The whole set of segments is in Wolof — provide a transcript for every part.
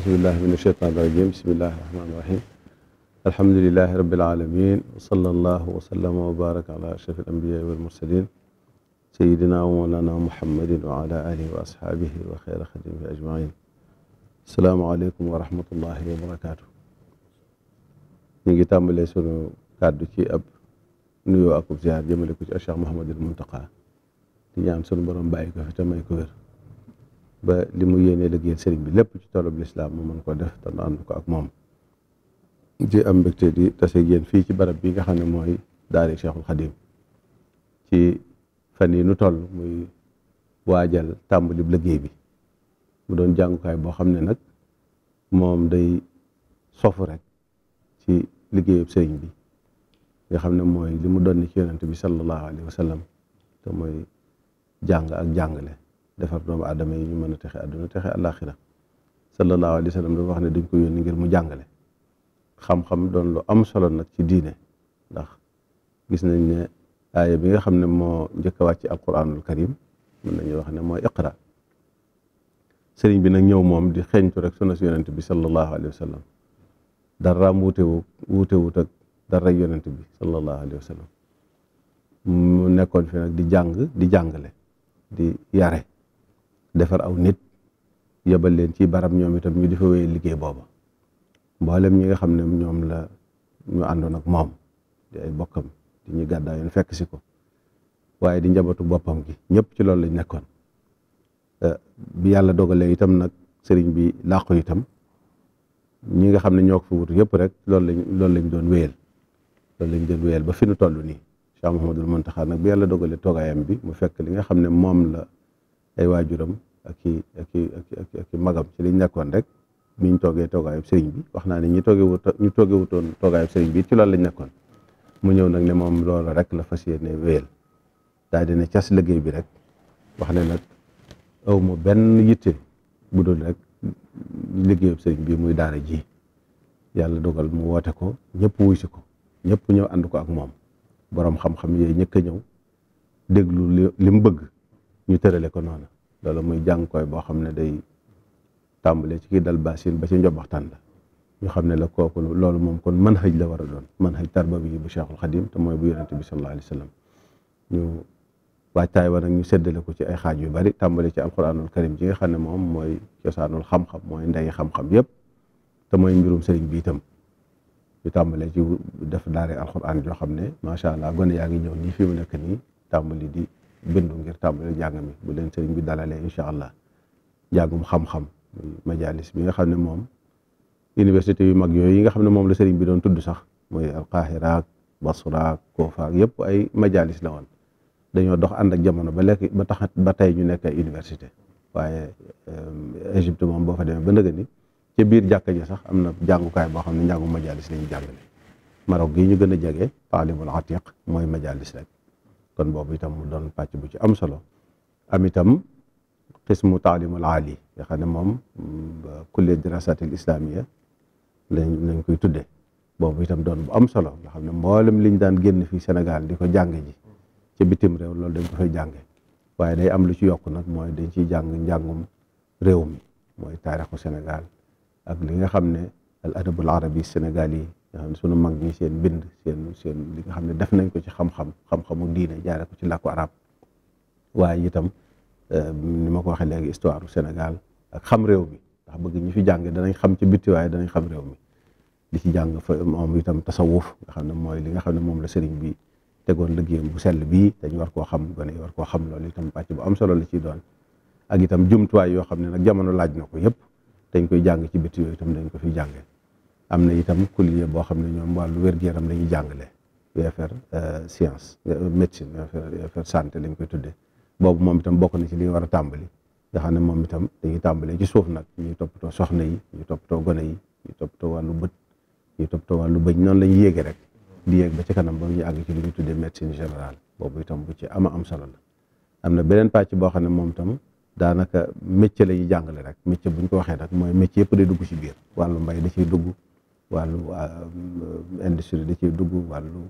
asbillahi min asheytaan irajim bismillahi irahmani irahim alhamdulilahi rabbil alamin wa sallallahu wa sallama wa baraka ala ashrafil anbiyaai wal mursalin sayidina wa mawlana muhammadin wa ala alihi wa ashaabihi wa xeyra xadimihi ajmain asalaamu aleykum wa rahmatullahi wa barakaatu ñu ngi tàmbalee sunu kàddu ci ab nuyoo akub ziar jëmale ko ci Cheikh Mouhamadul Muntaqa di ñaan sunu borom bàyyi ko fi te may ko wér ba li mu yéenee liggéeyal sëriñ bi lépp ci toolub lislaam moom mën ko def te ànd ko ak moom di am mbégte di tase yéen fii ci barab bi nga xam ne mooy daari Cheikhul Khadim ci fan yi nu toll muy waajal tàmbali liggéey bi mu doon jàngukaay boo xam ne nag moom day sofu rek ci liggéeyub sëriñ bi nga xam ne mooy li mu doon ci yonent bi sallallahu alayhi wa sallam te mooy jàng ak jàngale defar doomu aadama yi ñu mën a texe àdduna texe àllaaxira sallallahu alayhi wa sallam dafa wax ne dañ ko yónni ngir mu jàngale xam-xam doon lu am solo nag ci diine ndax gis nañ ne aaya bi nga xam ne moo njëkk a wàcc alquranul karim mën nañu wax ne mooy iqra sëriñ bi nag ñëw moom di xeeñtu rek suna si yonent bi sallallahu alayhi wa sallam daraam wuutewu wuutewut ak dara yonent bi sallallahu alayhi wa mu nekkoon fi nag di jàng di jàngale di yare defar aw nit yebal leen ci barab ñoom itam ñu di fa wéyal liggéey booba mboolem ñi nga xam ne ñoom la ñu àndoon ak moom di ay bokkam di ñu gàddaayoon fekk si ko waaye di njabootu boppam gi ñëpp ci loolu lañ nekkoon eh, bi yàlla dogalee itam nag sëriñ bi làqu yitam ñi nga xam ne ñoo ko fi wutu yëpp rek loolu lañ loolu lañ doon wéyal loolu lañ doon wéyal ba fi nu toll nii Cheikh Mouhamadul Mountakha nag bi yàlla dogalee toogaayam bi mu fekk li nga xam ne moom la ay waajuram ak i ak i magam ci li nekkoon rek biñ toogee toogaayub sëriñ bi wax naa ne ñi toogee wut ñu toogee wutoon toogaayub bi ci loolu lañ nekkoon mu ñëw nag ne moom loolu rek la fas yéene wéyal daal ne cas liggéey bi rek wax ne nag aw ma benn yitte bu dul rek liggéeyub sëriñ bi muy daara ji yàlla dogal mu woote ko ñëpp wuy si ko ñëpp ñëw ànd ko ak moom boroom xam-xam yooyu ñëkk a ñëw déglu li bëgg ñu tërale ko noonu loolu muy jànkoy boo xam ne day tàmbale ci kii dal baasin ba ci njobaxtaan la ñu xam ne la kooku loolu moom kon man xëj la wara doon man xëj tarba bi bu Cheikhul Xadim te mooy bu yonente bi sallallahu alayhi wa sallam ñu waajtaay wa nag ñu séddale ko ci ay xaaj yu bari tàmbale ci alquranul karim ji nga xam ne moom mooy cosaanul xam-xam mooy nday xam-xam yëpp te mooy mbirum sëriñ bi itam ñu ci def daare alquran joo xam ne macha allah gone yaa ngi ñëw nii fi mu nekk nii tàmbali di bindu ngir tàmbali jàng mi bu leen bi dalalee incha allah jàngum xam-xam majalis bi nga xam ne moom université yu mag yooyu yi nga xam ne moom la sëriñ bi doon tudd sax mooy alqahira ak basra ak koofa yëpp ay majalis la woon dañoo dox ànd ak jamono ba lekk ba tax ba tey ñu nekk ay université waaye euh, Égypte moom boo fa demee ba nëgë ni ca biir jàkka ji sax am na jàngukaay boo xam ne njàngu majalis la ñu jàngale Maroc gii ñu gën a jege taalimul atiq mooy majalis rek kon boobu itam mu doon pàcc bu ci am solo am itam xismu taalimul aali nga xam ne moom mm, kullee dirasatil islamiya lañ lañ koy tuddee boobu itam doon bu am solo nga xam ne mboolem liñ daan génn fii Sénégal di ko jàng ji ci bitim réew loolu dañ ko fay jànge waaye day am lu ci yokk nag mooy dañ ciy jàng njàngum réew mi mooy taarixu senegal ak li nga xam ne al adabul arabi Sénégal yi nga xam ne sunu mag ñi seen bind seen li nga xam ne def nañ ko ci xam-xam xam-xamu diine jaare ko ci làkku arab waaye itam euh, ni ma ko waxee léegi histoire du Sénégal ak xam réew mi ndax bëgg ñi fi jàng danañ xam ci bitti waaye danañ xam réew mi di ci jàng fa moom itam tasawuf nga xam ne mooy li nga xam ne moom la sëriñ bi tegoon liggéeyam bu sell bii dañu war koo xam gone war koo xam loolu itam pàcc bu am solo la ciy doon ak itam jumtuwaay yoo xam ne nag jamono laaj na ko yëpp dañ koy jàng ci bitti yooyu dañ ko fi jàngee am na itam kuliye boo xam ne ñoom wàllu wér-gu-yaram la ñuy jàngale UFR euh, science euh, médecine UFR santé lañ koy tuddee boobu moom itam bokk na ci li ñu war a tàmbali nga xam ne moom itam dañuy tàmbalee ci suuf nag ñuy toppatoo soxna yi ñuy toppatoo gone yi ñuy toppatoo wàllu bët ñuy toppatoo wàllu bëñ noonu la ñuy yéegee rek di yéeg ba ci kanam ba ñu àgg ci li ñu tuddee médecine générale boobu itam bu ci ama am solo la am na beneen pàcc boo xam ne moom itam daanaka métier la ñuy jàngale rek métier bu ñu ko waxee nag mooy métier yëpp day dugg ci biir wàllu mbay da ciy dugg wàllu euh, industrie da ciy dugg wàllu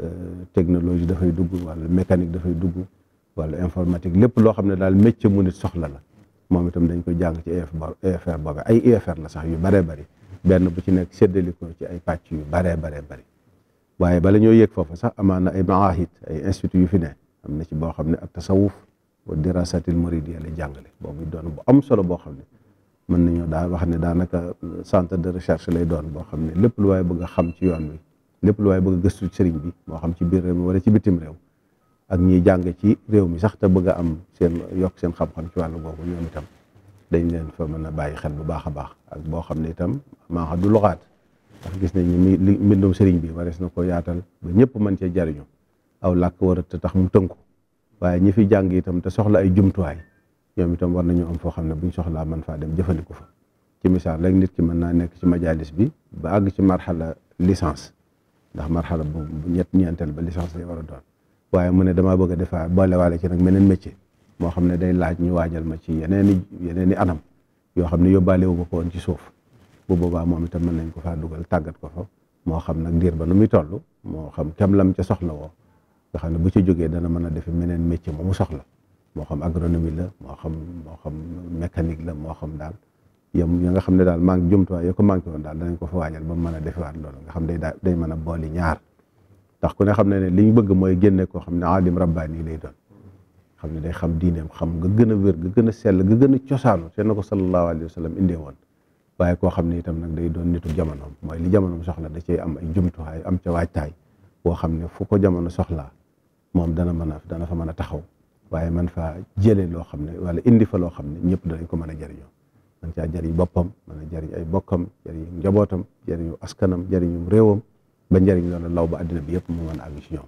euh, technologie dafay dugg wàllu mécanique dafay dugg wàllu informatique lépp loo xam ne daal métier mu nit soxla la moom itam dañ ko jàng ci EFR e boobe ay EFR la sax yu bëree bëri benn bu ci nekk séddali ko ci ay pàcc yu bëree bëree bëri waaye bala ñoo yéeg foofu sax amaan na ay maahid ay institut yu fi ne am na ci boo xam ne ak tasawuf wa dirasatil muridiya la jàngale boobu doon bu am solo boo xam ne mën nañoo daa wax ne daanaka euh, centre de recherche lay doon boo xam ne lépp lu waaye bëgg a xam ci yoon wi lépp lu bëgg gëstu sëriñ bi moo xam ci biir réew mi wala ci bitim réew ak ñiy jàng ci réew mi sax te bëgg a am seen yokk seen xam-xam ci wàllu boobu ñoom itam dañ leen fa mën a bàyyi xel bu baax a baax ak boo xam ne itam maa du loxaat ndax gis nañ ni li mbindum sëriñ bi warees na ko yaatal ba ñëpp mën cee jariñu aw làkk war a tax mu tënku waaye ñi fi jàng itam te soxla ay jumtuwaay ñoom itam war nañu am foo xam ne buñ soxlaa man faa dem jëfandiku fa ci misaal rek nit ki mën naa nekk ci majalis bi ba àgg ci marxala licence ndax marxala bu ñett ñeenteel ba licence lay war a doon waaye mu ne damaa bëgg a defaa waale ci nag meneen métier moo xam ne day laaj ñu waajal ma ci yeneen yeneen i anam yoo xam ne yóbbaale wu ma ko woon ci suuf bu boobaa moom itam mën nañ ko faa dugal tàggat ko fa moo xam nag diir ba nu muy toll moo xam kem lam ca soxla woo nga xam ne bu ci jógee dana mën a defi meneen métier moomu soxla moo xam agronomie la moo xam moo xam mécanique la moo xam daal yam ya nga xam ne daal manque jumtuwaay ya ko manqué woon daal danañ ko fa waajal ba mu mën a defewaat loolu nga xam day daa day a booli ñaar ndax ku ne xam ne ne li ñu bëgg mooy génne koo xam ne aalim rabbaani lay doon xam ne day xam diineem xam nga gën a wér nga gën a sell nga gën a cosaanu te na ko sallallahu alayhi wa sallam indee woon waaye koo xam ne itam nag day doon nitu jamonoom mooy li jamonoom soxla da cay am ay jumtuwaay am ca waajtaay boo xam ne fu ko jamono soxlaa moom dana mën a dana fa mën a taxaw waaye man faa jëlee loo xam ne wala indi fa loo xam ne ñëpp danañ ko mën a jëriñoo man caa jëriñ boppam mën a jëriñ ay bokkam jëriñu njabootam jëriñu askanam jëriñu réewam ba njëriñ loolu law ba àddina bi yëpp mu mën a àgg ci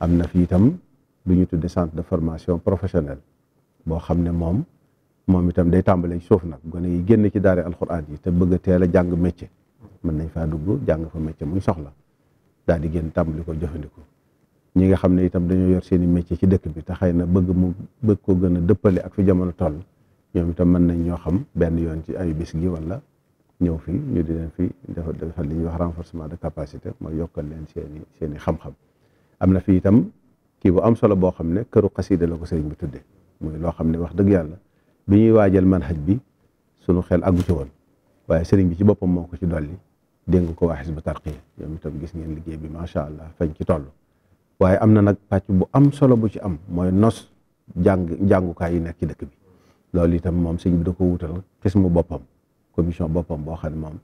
am na fi itam lu ñu tudde centre de formation professionnelle boo xam ne moom moom itam day tàmbalee suuf nag gone yi génn ci daara alxuraan yi te bëgg a teel a jàng métier mën nañ faa dugg jàng fa métier muñ soxla daal di génn tàmbali ko jëfandikoo ñi nga xam ne itam dañoo yor seen i métier ci dëkk bi te xay na bëgg mu bëgg ko gën a dëppale ak fi jamono toll ñoom itam mën nañ ñoo xam benn yoon ci ay bis gi wala ñëw fi ñu di leen fi defal defal li wax renforcement de capacité mooy yokkal leen seen i seen am na fi itam kii bu am solo boo xam ne këru xasida la ko sëriñ bi tuddee muy loo xam ne wax dëgg yàlla bi ñuy waajal manhaj bi sunu xel àggu ci woon waaye sëriñ bi ci boppam moo ko ci dolli dénk ko waa Hizbut Tarqiyyah ñoom itam gis ngeen liggéey bi macha allah fañ ci toll waaye am na nag pàcc bu am solo bu ci am mooy nos jàng jàngukaay yi nekk ci dëkk bi loolu itam moom sëñ bi da ko wutal xismu boppam commission boppam boo xam ne moom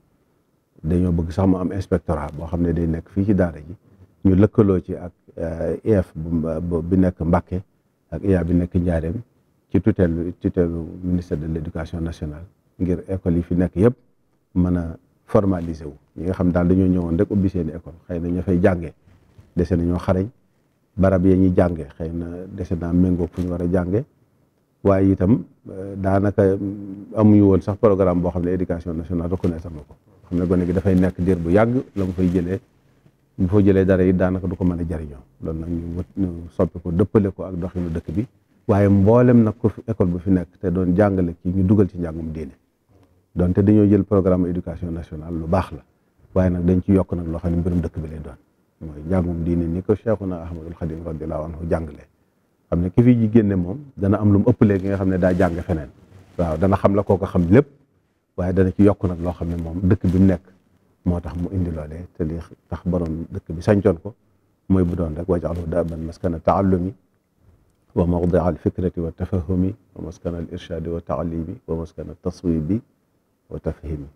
dañoo bëgg sax mu am inspectorat boo xam ne day nekk fii ci daara ji ñu lëkkaloo ci ak eh, IEF bi nekk Mbàkke ak IA bi nekk Njaareem ci tutelle tutelle ministère de l' éducation nationale ngir école yi fi nekk yëpp mën a formaliser wu ñi nga xam daal dañoo ñëwoon rek ubbi seeni école xëy na ña fay jàngee dese nañoo xarañ barab yee ñuy jànge xëy na dese naa méngoo fu ñu war a jànge waaye itam euh, daanaka mm, amuñu woon sax programme boo xam ne éducation nationale reconnaître na ko xam ne gone gi dafay nekk diir bu yàgg la mu jëlee bu fa jëlee dara yi daanaka du ko mën a jariñoo loolu nag ñu wut ñu soppi ko dëppale ko ak doxinu dëkk bi waaye mboolem nag ko fi école bu fi nekk te doon jàngale kii ñu dugal ci njàngum diine donte dañoo jël programme éducation national lu baax la waaye nag dañ ci yokk nag loo xam ne mbirum dëkk bi lay doon mooy jàngum diine ni ko Cheikhuna Ahmadul Xadim radiyallahu anhu jàngale xam ne ki fi ji génne moom dana am lu mu ëppalee nga xam ne daa jàng feneen waaw dana xam la kooko xam lépp waaye dana ci yokk nag loo xam ne moom dëkk bi mu nekk moo tax mu indi loolee te li tax borom dëkk bi sancoon ko mooy bu doon rek wajaxlu daaban maskana taallumi wa mawdia alfikrati wa tafahumi wa maskana al irshadi wa taalimi wa maskana taswibi wa tafhimi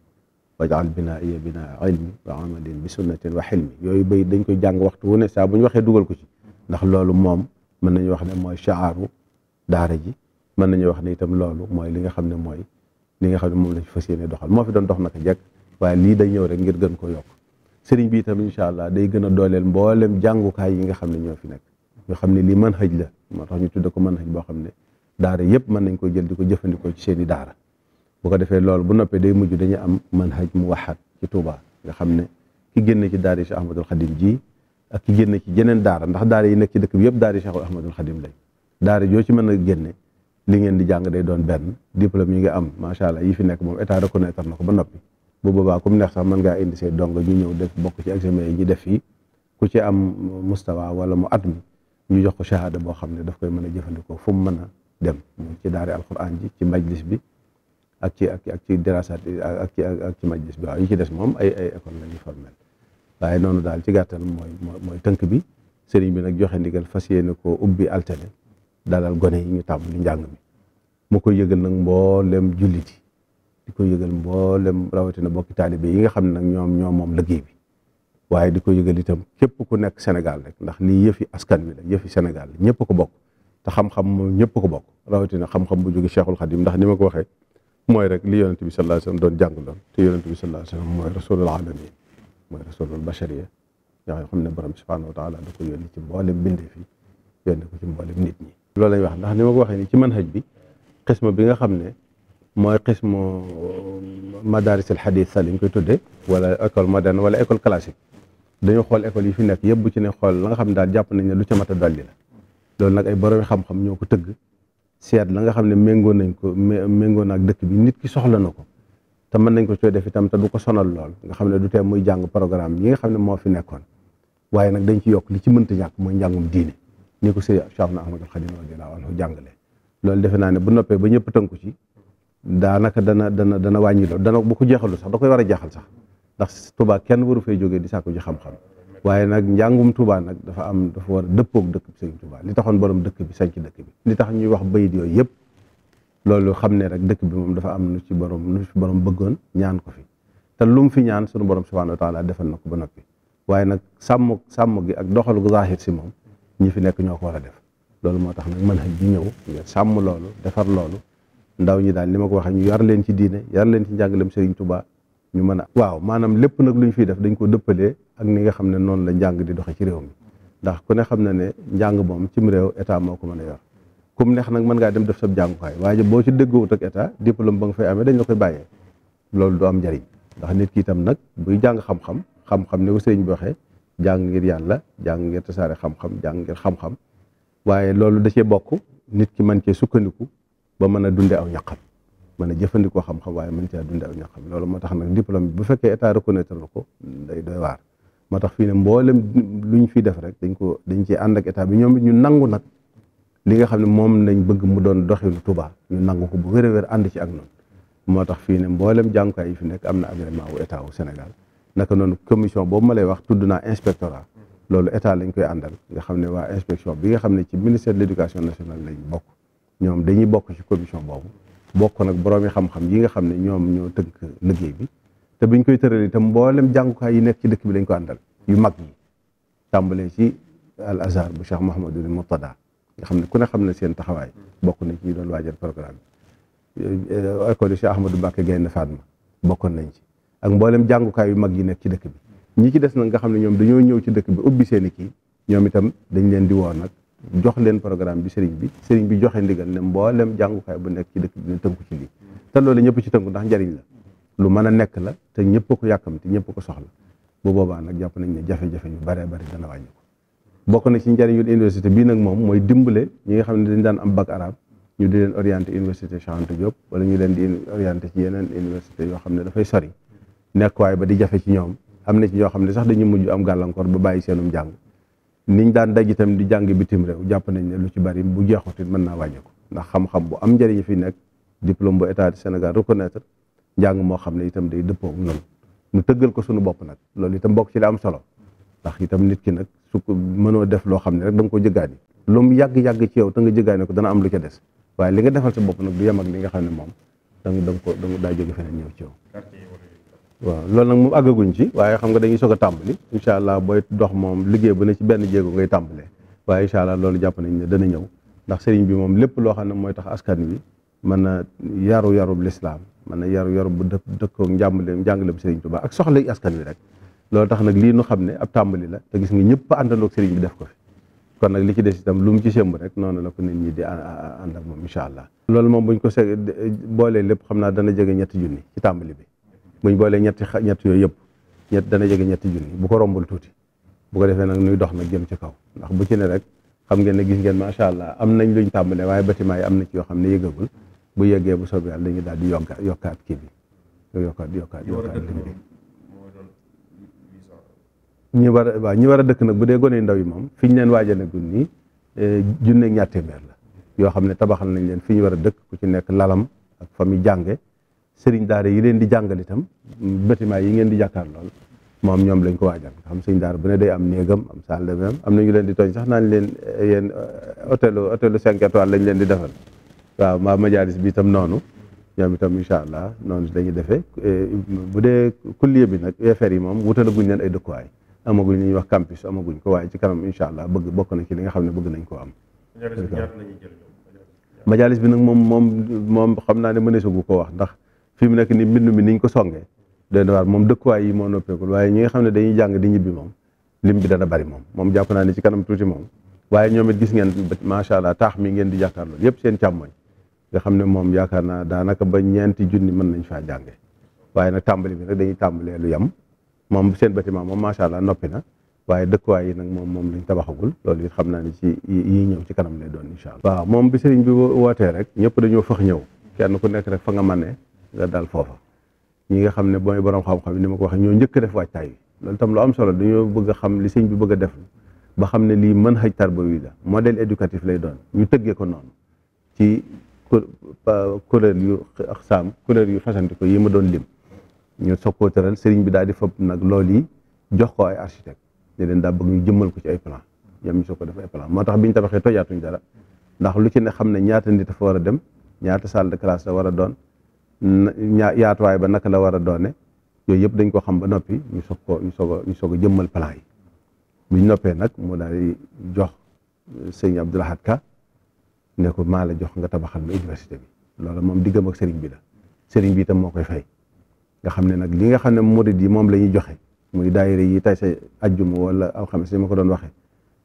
wajal binaiya binaa ilmi wa amalin bi sunnatin wa xilmi yooyu bay dañ koy jàng waxtu wu ne saa bu waxee dugal ko ci ndax loolu moom mën nañu wax ne mooy chaaru daara ji mën nañu wax ne itam loolu mooy li nga xam ne mooy li nga xam ne moom lañ fas yéene doxal moo fi doon dox naka jekk waaye lii day ñëw rek ngir gën ko yokk sëriñ bi itam incha allah day gën a dooleel mboolem jàngukaay yi nga xam ne ñoo fi nekk ñoo xam ne lii man xaj la moo tax ñu tudde ko mën xëj boo xam ne daara yëpp mën nañ ko jël ko jëfandikoo ci seen i daara bu ko defee loolu bu noppee day mujj dañuy am manhaj mu waxaat ci Touba nga xam ne ki génn ci daara Cheikh Ahmadul Xadim ji ak ki génn ci jeneen daara ndax daara yi nekk ci dëkk bi yëpp daara Cheikh Ahmadul Xadim lañ daara joo ci mën a génne li ngeen di jàng day doon benn diplôme yi nga am macha allah yi fi nekk moom état reconnaître na ko ba noppi bu boobaa ku mu neex sax mën ngaa indi say dong ñu ñëw def bokk ci examen yi ñu def fii ku ci am mustawa wala mu at mi ñu jox ko shahada boo xam ne daf koy mën a jëfandikoo fu mën a dem ci daara alquran ji ci majlis bi ak ci ak ak ci dirasaat ak ci ak ci majlis bi waaw yi ci des moom ay ay école la ñuy formel waaye noonu daal ci gàttal mooy mooy tënk bi sëriñ bi nag joxe ndigal fas yéene koo ubbi altine dalal gone yi ñu tàmbali njàng mi mu koy yëgal nag mboolem jullit yi di ko yëgal mboolem rawatina bokki taalibe yi nga xam ne nag ñoom ñoom moom liggéey bi waaye di ko yëgal itam képp ku nekk Sénégal rek ndax lii yëfi askan wi la yëfi Sénégal ñëpp ko bokk te xam-xam ñëpp ko bokk rawatina xam-xam bu jóge Cheikhul Khadim ndax ni ma ko waxee mooy rek li yonent bi sallallahu alayhi wasallam doon jàngaloon te yonent bi sallallahu alayhi wasallam mooy rasulul alamin mooy rasulul bashariya yaa xam ne borom subhanahu wa taala da ko yónni ci mboolem bindee fi yónni ko ci mboolem nit ñi loolu lañ wax ndax ni ma ko waxee ni ci manhaj bi xisma bi nga xam ne mooy xismu madaris al hadith sa lañ koy tuddee wala école moderne wala école classique dañu xool ecole yi fi nekk yëpp bu ci ne xool la nga xam ne daal jàpp nañ ne lu ca mat a dolli nag ay borom xam-xam ñoo ko tëgg seet la nga xam ne méngoo nañ ko méngoo naag dëkk bi nit ki soxla na ko te mën nañ ko cooy def itam te du ko sonal lool nga xam ne du tee muy jàng programme ñi nga xam ne moo fi nekkoon waaye nag dañ ci yokk li ci mënta ñàkk mooy njàngum diine ni ko sëriñ Cheikhna Ahmadul Khadim radiyallahu anhu jàngale lool defe naa ne bu noppee ba ñëpp tënku ci daanaka dana dana dana wàññi lool dana bu ko jeexalu sax da koy war a jeexal sax ndax Tuubaa kenn waru fay jógee di sàkku ji xam waaye nag njàngum Touba nag dafa am dafa war a dëppoog dëkk bi Serigne Touba li taxoon borom dëkk bi ci dëkk bi li tax ñuy wax bayit yooyu yëpp loolu xam ne rek dëkk bi moom dafa am lu ci borom lu ci borom bëggoon ñaan ko fi te lu mu fi ñaan sunu borom subhanahu wa taala defal na ko ba noppi waaye nag sàmm sàmm gi ak doxal gu zahir si moom ñi fi nekk ñoo ko war a def loolu moo tax nag man xaj ji ñëw nga sàmm loolu defar loolu ndaw ñi daal li ma ko waxee ñu yar leen ci diine yar leen ci njàngaleem Serigne Touba ñu mën a waaw maanaam lépp nag lu ñu fiy def dañ ko dëppalee ak ni nga xam ne noonu la njàng di doxe ci réew mi ndax ku ne xam na ne njàng moom cim réew état moo ko mën a yor kum neex nag mën ngaa dem def sab jàngukaay waaye boo ci dëggoowut ak état diplôme ba nga fay amee dañ la koy bàyyee loolu du am njariñ ndax nit ki itam nag buy jàng xam-xam xam-xam ne ko sëriñ bi waxee jàng ngir yàlla jàng ngir tasaare xam-xam jàng ngir xam-xam waaye loolu da cee bokk nit ki mën cee sukkandiku ba mën a dunde aw ñaqam mën a jëfandikoo xam-xam waaye mën caa dundee ak ñaxam loolu moo tax nag diplôme bi bu fekkee état reconnaître ko day doy waar moo tax fii ne mboolem luñ fiy def rek dañ ko dañ ci ànd ak état bi ñoom it ñu nangu nag li nga xam ne moom lañ bëgg mu doon doxinu Touba ñu ko bu wér a wér ànd ci ak noonu moo tax fii ne mboolem jàngukaay yi fi nekk am na agrément wu état wu Sénégal naka noonu commission boobu ma lay wax tudd naa inspectorat loolu état lañ koy àndal nga xam ne waa inspection bi nga xam ne ci ministère de l' éducation nationale bokk ñoom dañuy bokk ci commission boobu bokk nag boroomi xam-xam yi nga xam ne ñoom ñoo tënk liggéey bi te biñ koy tëral itam mboolem jàngukaay yi nekk ci dëkk bi lañ ko àndal yu mag yi tàmbalee ci al azhar bu Cheikh Mouhamadul Murtada nga xam ne ku ne xam ne seen taxawaay bokk na ci ñu doon waajal programme bi euh, école Cheikh Ahmadou Mbacké Gaynde Fatma bokkoon nañ ci ak mboolem jàngukaay yu mag yi nekk ci dëkk bi ñi ci des nag nga xam ne ñoom dañoo ñëw ci dëkk bi ubbi seen i kii ñoom itam dañ leen di woo nag jox leen programme bi sëriñ bi sëriñ bi joxe ndigal ne mboolem jàngukaay bu nekk ci dëkk dina tënku ci lii te loolu ñëpp ci tënku ndax njariñ la lu mën a nekk la te ñëpp ko yàkkamti ñëpp ko soxla bu boobaa nag jàpp nañ ne jafe-jafe yu baree bari dana wàññi ko bokk na ci njariñ yu université bii nag moom mooy dimbale ñi nga xam ne dañ daan am bac arabe ñu di leen orienté université Cheikh Anta Diop wala ñu deen di orienté ci yeneen université yoo xam ne dafay sori nekkuwaay ba di jafe ci ñoom am na ci ñoo xam ne sax dañu mujj am gàllankoor ba bàyyi seenum jàng niñ daan daj itam di jàng bitim réew jàpp nañ ne lu ci bari bu jeexut it mën naa ko ndax xam-xam bu am njëriñ fi nekk diplôme bu état du Sénégal reconnaître njàng moo xam ne itam day dëppoo ak loolu nu tëggal ko sunu bopp nag loolu itam bokk ci li am solo ndax itam nit ki nag su ko mënoo def loo xam ne rek da nga ko jëggaani lu mu yàgg-yàgg ci yow te nga jëggaani ko dana am lu ca des waaye li nga defal sa bopp nag du yem ak li nga xam ne moom da nga da nga da nga daa ci yow waaw loolu nag moom àggaguñ ci waaye xam nga dañuy soog a tàmbali incha allah booy dox moom liggéey bu ne ci benn jéego ngay tàmbalee waaye incha allah loolu jàpp nañ ne dana ñëw ndax sëriñ bi moom lépp loo xam ne mooy tax askan wi mën a yaru yarub lislaam mën a yaru yarub bu dëkkoog njàmbale njàngalem sëriñ Tuubaa ak soxla askan wi rek loolu tax nag lii nu xam ne ab tàmbali la te gis nga ñëpp àndandoog sëriñ def ko fi kon nag li ci des itam lu mu ci sémb rek noonu la nit ñi di ànd ak moom incha allah loolu moom buñ ko se boolee lépp xam naa dana jege ñetti junni ci tàmbali bi buñ boolee ñetti ñetti yooyu yëpp ñett dana jege ñetti junni bu ko rombul tuuti bu ko defee nag nuy dox nag jëm ci kaw ndax bu ci ne rek xam ngeen ne gis ngeen macha allah am nañ luñ tàmbalee waaye bâtiment yi am na ci yoo xam ne yëgagul bu yëgee bu soobee daal di yokkaat yokkaat kii bi yokkaat yokkaat yokkaat ñi war a waaw ñi war a dëkk nag bu dee gone ndaw yi moom fi ñu leen waajalagul nii eh, junne ñaar téeméer la yoo xam ne tabaxal nañ leen fi ñu war a dëkk ku ci nekk lalam ak fa muy jànge sëriñ daar yi leen di jàngal itam bâtiment yi ngeen di jàkkaar lool moom ñoom lañ ko waajal nga xam sëriñ daara bu ne day am néegam am saal de am na ñu leen di tooñ sax naan leen eh, yéen eh, hôtelu hôtelu cinq étoiles lañ leen di defal waaw maa majaalis bi tam noonu ñoom itam incha allah noonu dañuy defee eh, bu dee kulliye bi nag UFR yi moom wutalaguñ leen ay dëkkuwaay amaguñ li ñuy wax campus amaguñ ko waaye ci kanam incha allah bëgg bokk na ci nga xam ne bëgg nañ ko am majaalis bi nag moom moom moom xam naa ne mëneesagu ko wax ndax fi mu nekk ni mbind mi niñ ko songee doy na waar moom dëkkuwaay yi moo noppeekul waaye ñi nga xam ne dañuy jàng di ñibbi moom lim bi dana bari moom moom jàpp naa ne ci kanam tuuti moom waaye ñoom it gis ngeen macha allah taax mi ngeen di jàkkaar loolu yëpp seen càmmooñ nga xam ne moom yaakaar naa daanaka ba ñeenti junni mën nañ faa jànge waaye na tàmbali bi rek dañuy tàmbalee lu yem moom seen bâtiment moom macha allah noppi na waaye dëkkuwaay yi nag moom moom lañ tabaxagul loolu it xam naa ne ci yi ñëw ci kanam lay doon incha allah. moom bi sëriñ bi wootee rek ñëpp dañoo fax ñëw kenn ku nekk rek fa nga mane nga foofa ñi nga xam ne booy borom xam-xam ni ma ko waxee ñoo njëkk def waajtaay wi loolu tam lu am solo dañoo bëgg xam li sëñ bi bëgg a def ba xam ne lii mën xaj tarbawi la modèle éducatif lay doon ñu tëggee ko noonu ci kuréel yu aqsaam kuréel yu fasanti ko yi ma doon lim ñu soog koo tëral sëriñ bi daal di fab nag lool yi jox ko ay architecte ne leen daa bëgg ñu jëmmal ko ci ay plan ñoom ñu soog ko def ay plan moo tax biñ ñu tabaxee tojaatuñ dara ndax lu ci ne xam ne ñaata nit dafa war a dem ñaata salle de classe la war yaatuwaay ba naka la war a doone yooyu yëpp dañ ko xam ba noppi ñu soog ko ñu soog ñu soog a jëmmal plan yi bu noppee nag mu daal jox euh, sëñ Abdou Ka ne ko maa la jox nga tabaxal ma université bi loolu moom diggam ak sëriñ bi la sëriñ bi itam moo koy fay nga xam ne nag li nga xam ne murid yi moom la ñuy joxe muy daayira yi tay sa ajjuma wala xam ni ma ko doon waxee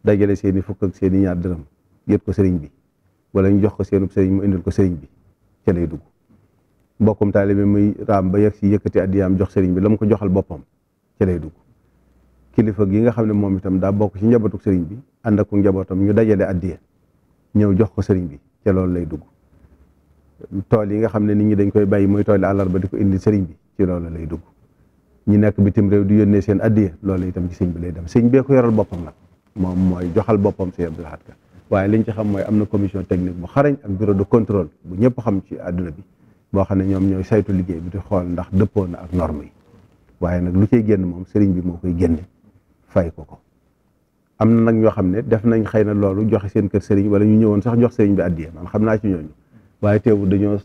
dajale seen seeni fukk seeni ñaar dërëm yëpp ko sëriñ bi wala ñu jox ko seenu sëriñ mu indil ko sëriñ bi ca lay dugg mbokkum taalibe muy raam ba yegg si yëkkati addiyaam jox sëriñ bi la ko joxal boppam ci lay dugg kilifa gi nga xam ne moom itam daa bokk ci njabootu sëriñ bi ànd ak njabootam ñu dajale addiya ñëw jox ko sëriñ bi ca loolu lay dugg tool yi nga xam ne nit ñi dañ koy bàyyi muy tooli àllarba di ko indi sëriñ bi ci loolu lay dugg ñi nekk bitim réew di yónnee seen addiya loolu itam ci sëñ bi lay dem sëñ bee ko yoral boppam nag moom mooy joxal boppam sëñ Abdou Lahad Ka waaye liñ ci xam mooy am na commission technique bu xarañ ak bureau de contrôle bu ñëpp xam ci àdduna bi boo xam ne ñoom ñooy saytu liggéey bi di xool ndax dëppoo na ak norme yi waaye nag lu cay génn moom sëriñ bi moo koy génne fay ko ko am na nag ñoo xam ne def nañ xëy na loolu joxe seen kër sëriñ wala ñu ñëwoon sax jox sëriñ bi addiya man xam naa ci ñooñu waaye teewul dañoo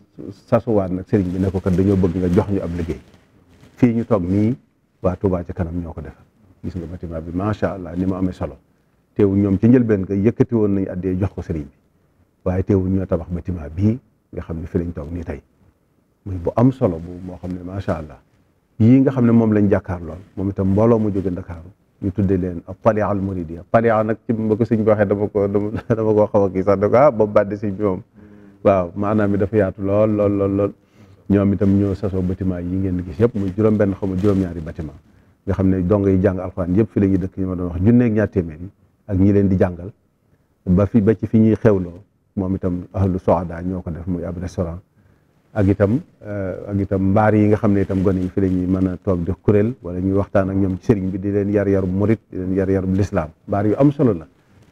sasuwaat nag sëriñ bi ne ko kat dañoo bëgg nga jox ñu ab liggéey fii ñu toog nii waa Touba ca kanam ñoo ko defal gis nga bâtiment bi macha allah ni mu amee solo teewul ñoom ci njëlbeen ga yëkkati woon nañu nañ addiya jox ko sëriñ bi waaye teewul ñoo tabax bâtiment bii nga xam ne fi lañ toog nii tey muy bu am solo bu moo xam ne macha allah yii nga xam ne moom lañ jàkkaar lool moom itam mbooloo mu jóge Ndakaaru ñu tuddee leen palia al muridiya palia nag ci ba ko sëñ bi waxee dama koo xaw a kii sax da ko ah boobu bàddi sëñ bi moom waaw maanaam mi dafa yaatu lool lool lool lool ñoom itam ñoo sasoo bâtiment yi ngeen gis yëpp muy juróom-benn xaw ma juróom-ñaari bâtiment nga xam ne dong yi jàng alxuraan yëpp fi la ñuy dëkk ñu ma doon wax junneeg ñaar téeméer yi ak ñi leen di jàngal ba fi ba ci fi ñuy xewloo moom itam ahlu soada ñoo ko def muy ab restaurant ak itam eh, ak itam mbaar yi nga xam ne itam gone yi fi la ñuy mën a toog di kuréel wala ñuy waxtaan ak ñoom ci sëriñ bi di leen yar yar bu morit di leen yar yar bu lislaam mbaar yu am solo la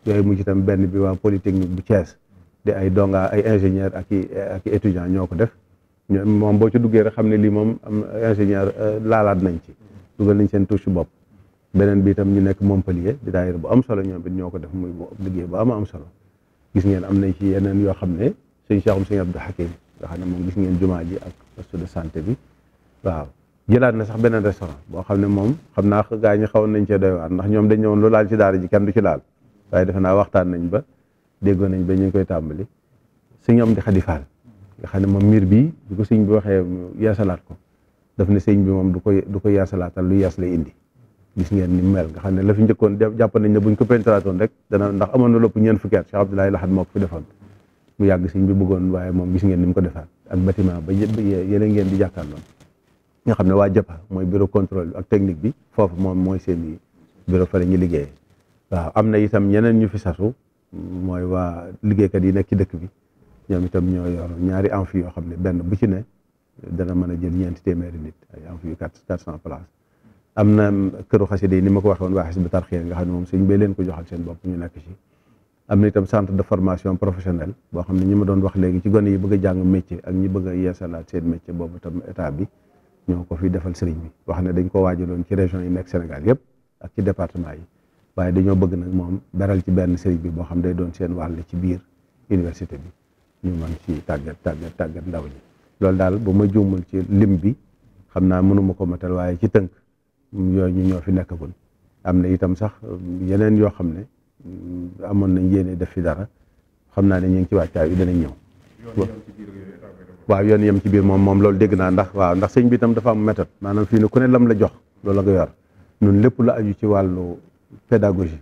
yooyu mujj itam benn bi waa polytechnique bu Thiès di ay donga ay ingénieur ak i ak i ñoo ko def ñoom moom boo ci duggee rek xam ne lii moom am ingénieur eh, laalaat nañ ci dugal nañ seen touche bopp beneen bi itam ñu nekk Montpellier di daa daayira bu am solo ñoom it ñoo ko def muy liggéey bu am am solo gis ngeen am na ci yeneen yoo xam ne sëñ Cheikhoum sëñ Abdou Hakim nga xam ne moom gis ngeen jumaa ji ak poste de santé bi waaw jëlaat na sax beneen restaurant boo xam ne moom xam naa gaa ñi xawoon nañ cee doy waar ndax ñoom dañ ñëwoon lu laal ci daara ji kenn du ci laal waaye defe naa waxtaan nañ ba déggoo nañ ba ñu ngi koy tàmbali suñu am di xadifaal nga xam ne moom miir bii du ko sëñ bi waxee yeesalaat ko daf ne sëñ bi moom du ko du ko yeesalaatal lu yees lay indi gis ngeen ni mel nga xam ne la fi njëkkoon jàpp nañ ne buñ ko pentraatoon rek ñeen fukki at moo ko fi defoon mu yàgg sëñ bi bëggoon waaye moom gis ngeen ni mu ko defaat ak bâtiment ba yéen ngeen di jàkkaarloo nga xam ne waa JAPA mooy bureau contrôle bi ak technique bi foofu moom mooy seen bureau fa la ñu liggéeyee waaw am na itam ñeneen ñu fi sasu mooy waa liggéeykat yi nekk ci dëkk bi ñoom itam ñoo yor ñaari amphi yoo xam ne benn bu ci ne dana mën a jël ñeenti téeméeri nit ay am na këru xasida yi ni ma ko waxoon waa Hizbut Tarqiyyah nga xam ne moom sëñ bi leen ko joxal seen bopp ñu nekk ci am na itam centre de formation professionnelle boo xam ne ñi ma doon wax léegi ci gone yi bëgg a jàng métier ak ñi bëgg a yeesalaat seen métier boobu tam état bi ñoo ko fi defal sëriñ bi wax ne dañ ko waajaloon ci région yi nekk Sénégal yëpp ak ci département yi waaye dañoo bëgg nag moom beral ci benn sëriñ bi boo xam day doon seen wàll ci biir université bi ñu man ci tàggat tàggat tàggat ndaw ñi loolu daal bu ma juumul ci lim bi xam naa mënuma ko matal waaye ci tënk yooyu ñu ñoo fi nekkagul am na itam sax yeneen yoo xam ne Mm, amoon nañ yéene def fi dara xam naa ne ñu ngi ci wàccaay bi danañ ñëw waaw yoon yem ci biir moom moom loolu dégg naa ndax waaw ndax sëñ bi tam dafa am méthode maanaam fii ne ku ne lam la jox loolu la nga yor ñun lépp la aju ci wàllu pédagogie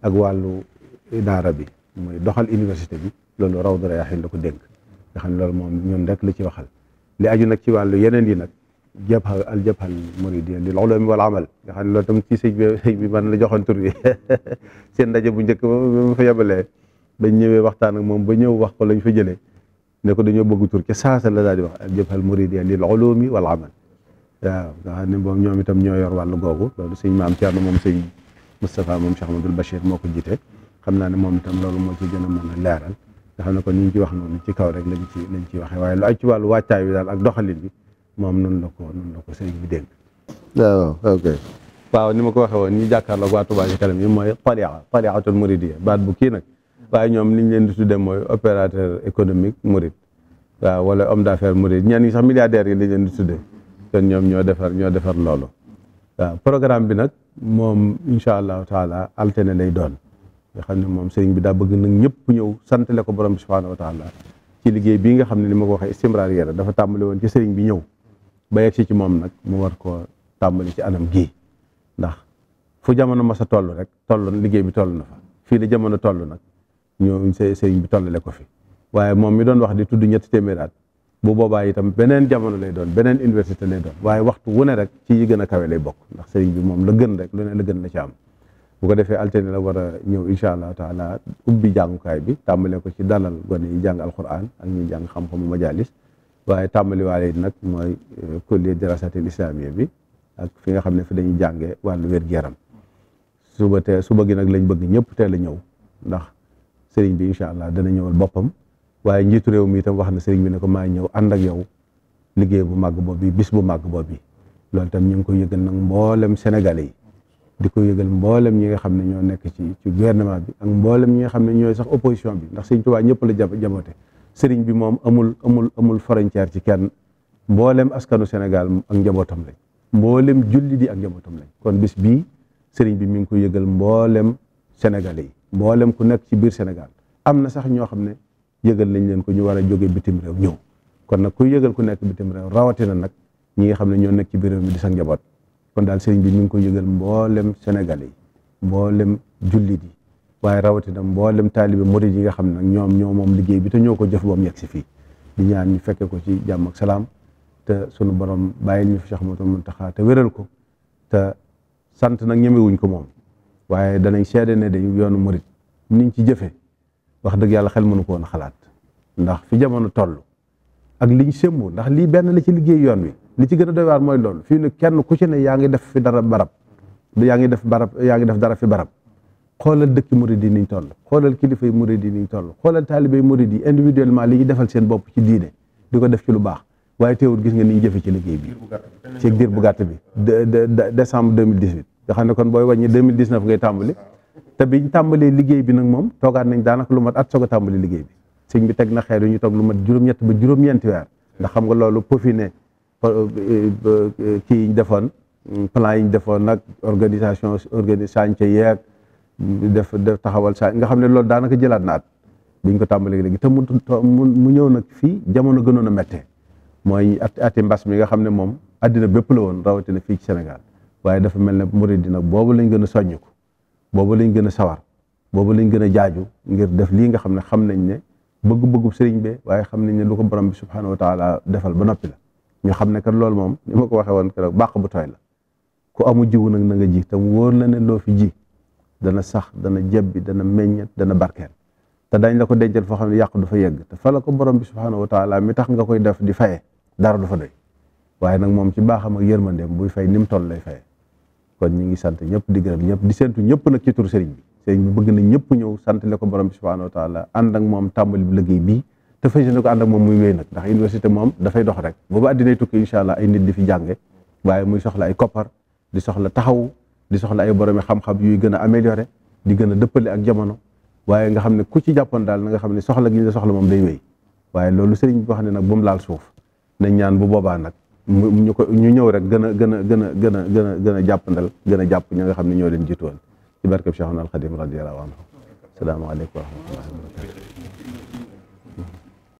ak wàllu daara bi mooy doxal université bi loolu raw dara yaaxin la ko dénk nga xam ne loolu moom ñun rek lu ci waxal li aju nag ci wàllu yeneen yi nag jabha al jabha al muridiya lil ulumi wal amal nga xam ne loolu tam ci sëñ bi sëñ bi man la joxoon tur bi seen ndaje bu njëkk ba mu fa yebalee bañ ñëwee waxtaan ak moom ba ñëw wax ko lañ fa jëlee ne ko dañoo bëgg tur ca saasa la daal di wax al jabha al muridiya lil ulumi wal amal waaw nga xam ne moom ñoom itam ñoo yor wàllu googu loolu sëñ maam Thierno moom sëñ Moustapha moom Cheikh Amadou Bachir moo ko jiite xam naa ne moom itam loolu moo ci gën a mën a leeral nga xam ne kon ni ñu ci wax noonu ci kaw rek lañ ci lañ ci waxee waaye lu ay ci wàllu wàccaay bi daal ak doxalin bi moom noonu la ko noonu la ko sëriñ bi dégg. waaw ok waaw ni ma ko waxee woon ñu jàkkaarloog waa Touba ci kanam yi mooy tariqa tariqatul muridiyya baat bu kii nag waaye ñoom liñ leen di tuddee mooy opérateur économique murid waaw wala homme d'affaires murid ñenn ñi sax milliardaires yi liñ leen di tuddee kon ñoom ñoo defar ñoo defar loolu. waaw programme bi nag moom incha allahu taala altine lay doon nga xam ne moom sëriñ bi daa bëgg nag ñëpp ñëw santale ko borom subhaanahu wa taala ci liggéey bii nga xam ne ni ma ko waxee istimraar dafa tàmbali woon ci sëriñ bi ñëw. ba yegg si ci moom nag mu war ko tàmbali ci anam gii ndax fu jamono ma sa toll rek toll liggéey bi toll na fa fii la jamono toll nag ñoo sëriñ bi tollale ko fi waaye moom mi doon wax di tudd ñetti téeméeraat bu boobaa itam beneen jamono lay doon beneen université lay doon waaye waxtu wu rek ci yi gën a kawe lay bokk ndax sëriñ bi moom la gën rek lu ne la gën la ci am bu ko defee altine la war a ñëw incha allah taala ubbi jàngukaay bi ko ci dalal gone yi jàng alquran ak ñuy jàng xam-xamu majalis waaye tàmbaliwaale it nag mooy collège euh, dirasatil islamiyya bi ak fi nga xam ne fi dañuy jànge wàllu wér-gu-yaram suba te suba gi nag lañ bëgg ñëpp teel a ñëw ndax sëriñ bi incha ñëwal boppam waaye njiitu réew mi itam wax na sëriñ bi ne ko maa ñëw ànd ak yow liggéey bu màgg boobu bi bis bu màgg boobu bi loolu itam ñu ngi ko yëgal nag mboolem Sénégalais yi di ko yëgal mboolem ñi nga xam ne ñoo nekk ci ci gouvernement bi ak mboolem ñi nga xam ne ñooy sax opposition bi ndax sëriñ waa ñëpp la jaboote sëriñ bi moom amul amul amul frontière ci kenn mboolem askanu Sénégal ak njabootam lañ mboolem julli di ak njabootam lañ kon bis bi sëriñ bi mi ngi ko yëgal mboolem Sénégalais yi mboolem ku nekk ci biir Sénégal am na sax ñoo xam ne yëgal lañ leen ko ñu war a jóge bitim réew ñëw kon nag ku yëgal ku nekk bitim réew rawatina nag ñi nga xam ne ñoo nekk ci biir réew mi di sa njaboot kon daal sëriñ bi mi ngi ko yëgal mboolem Sénégalais yi mboolem julli di waaye rawatina mboolem taalibe murid yi nga xam ne ñoom ñoo moom liggéey bi te ñoo ko jëf ba mu yegg si fii di ñaan ñu fekke ko ci jàmm ak salaam te sunu borom bàyyil ñu fi Cheikh Mouhamadou Mountakha te wéral ko te sant nag ñemewuñ ko moom waaye danañ seede ne dañu yoonu murid niñ ci jëfe wax dëgg yàlla xel mënu ko woon xalaat ndax fi jamono toll ak li ñu sëmbu ndax lii benn la ci liggéey yoon bi li ci gën a doy waar mooy loolu fii ne kenn ku ci ne yaa ngi def fi dara barab yaa ngi def barab yaa ngi def dara fi barab xoolal dëkk murid yi niñ toll xoolal kilifa yi murid yi niñ toll xoolal taalibe yi murid li ñu defal seen bopp ci diine di ko def ci lu baax waaye teewul gis nga ni ñu jëfe ci liggéey bi ci diir bu gàtt bi décembre 2018 nga xam ne kon booy wàññi 2019 ngay tàmbali te biñ tàmbalee liggéey bi nag moom toogaat nañ daanaka lu mat at soog a liggéey bi sëñ bi teg na xeer yi ñu toog lu mat juróom-ñett ba juróom-ñeenti weer ndax xam nga loolu peaufiner euh, euh, euh, kii yi defoon plan yi ñu defoon nag organisation organi chantier yeeg def def taxawal saa nga xam ne loolu daanaka jëlaat naat at biñ ko tàmbalee léegi te mu mu ñëw nag fii jamono gënoon a méttee mooy at ati mbas nga xam ne moom àddina bépp la woon rawatina fii ci Sénégal waaye dafa mel ne murid yi nag boobu lañ gën a soññiku boobu lañ gën a sawar boobu lañ gën a jaaju ngir def lii nga xam ne xam nañ ne bëgg-bëggu sëriñ be waaye xam nañ ne lu ko borom bi subhaanahu wa taala defal ba noppi la ñu xam ne kat loolu moom ni ma ko waxee woon keroog bàq bu tooy la ko amu jiwu nag na nga ji te wóor la ne loo fi ji dana sax dana jebbi dana meññet dana barkeel te dañ la ko dencal foo xam ne yàq du yegg te fa la ko borom bi subhaanahu wa taala mi tax nga koy def di faye dara du fa doy waaye nag moom ci baaxam ak yërmandeem buy fay ni mu toll lay faye kon ñi ngi sant ñëpp di gërëm ñëpp di sentu ñëpp nag ci tur sëriñ bi sëriñ bi bëgg na ñëpp ñëw sant le ko borom bi subhaanahu wa taala ànd ak moom tàmbali bi liggéey bii te fay si ne ko ànd moom muy wéy nag ndax université moom dafay dox rek booba addinay tukki incha allah ay nit di fi jànge waaye muy soxla ay koppar di soxla taxaw di soxla ay boromi xam-xam yuy gën a amélioré di gën a dëppale ak jamono waaye nga xam ne ku ci jàppoon daal na nga xam ni soxla gi ñu soxla moom day wéy waaye loolu sëriñ bi wax ne nag bu laal suuf nañ ñaan bu boobaa nag ñu ko ñu ñëw rek gën a gën a gën a gën a jàppandal gën a jàpp ña nga xam ne ñoo leen jiituwoon ci barkeb Cheikhuna al Xadim radiyallahu anhu salaamaaleykum wa rahmatullahi wa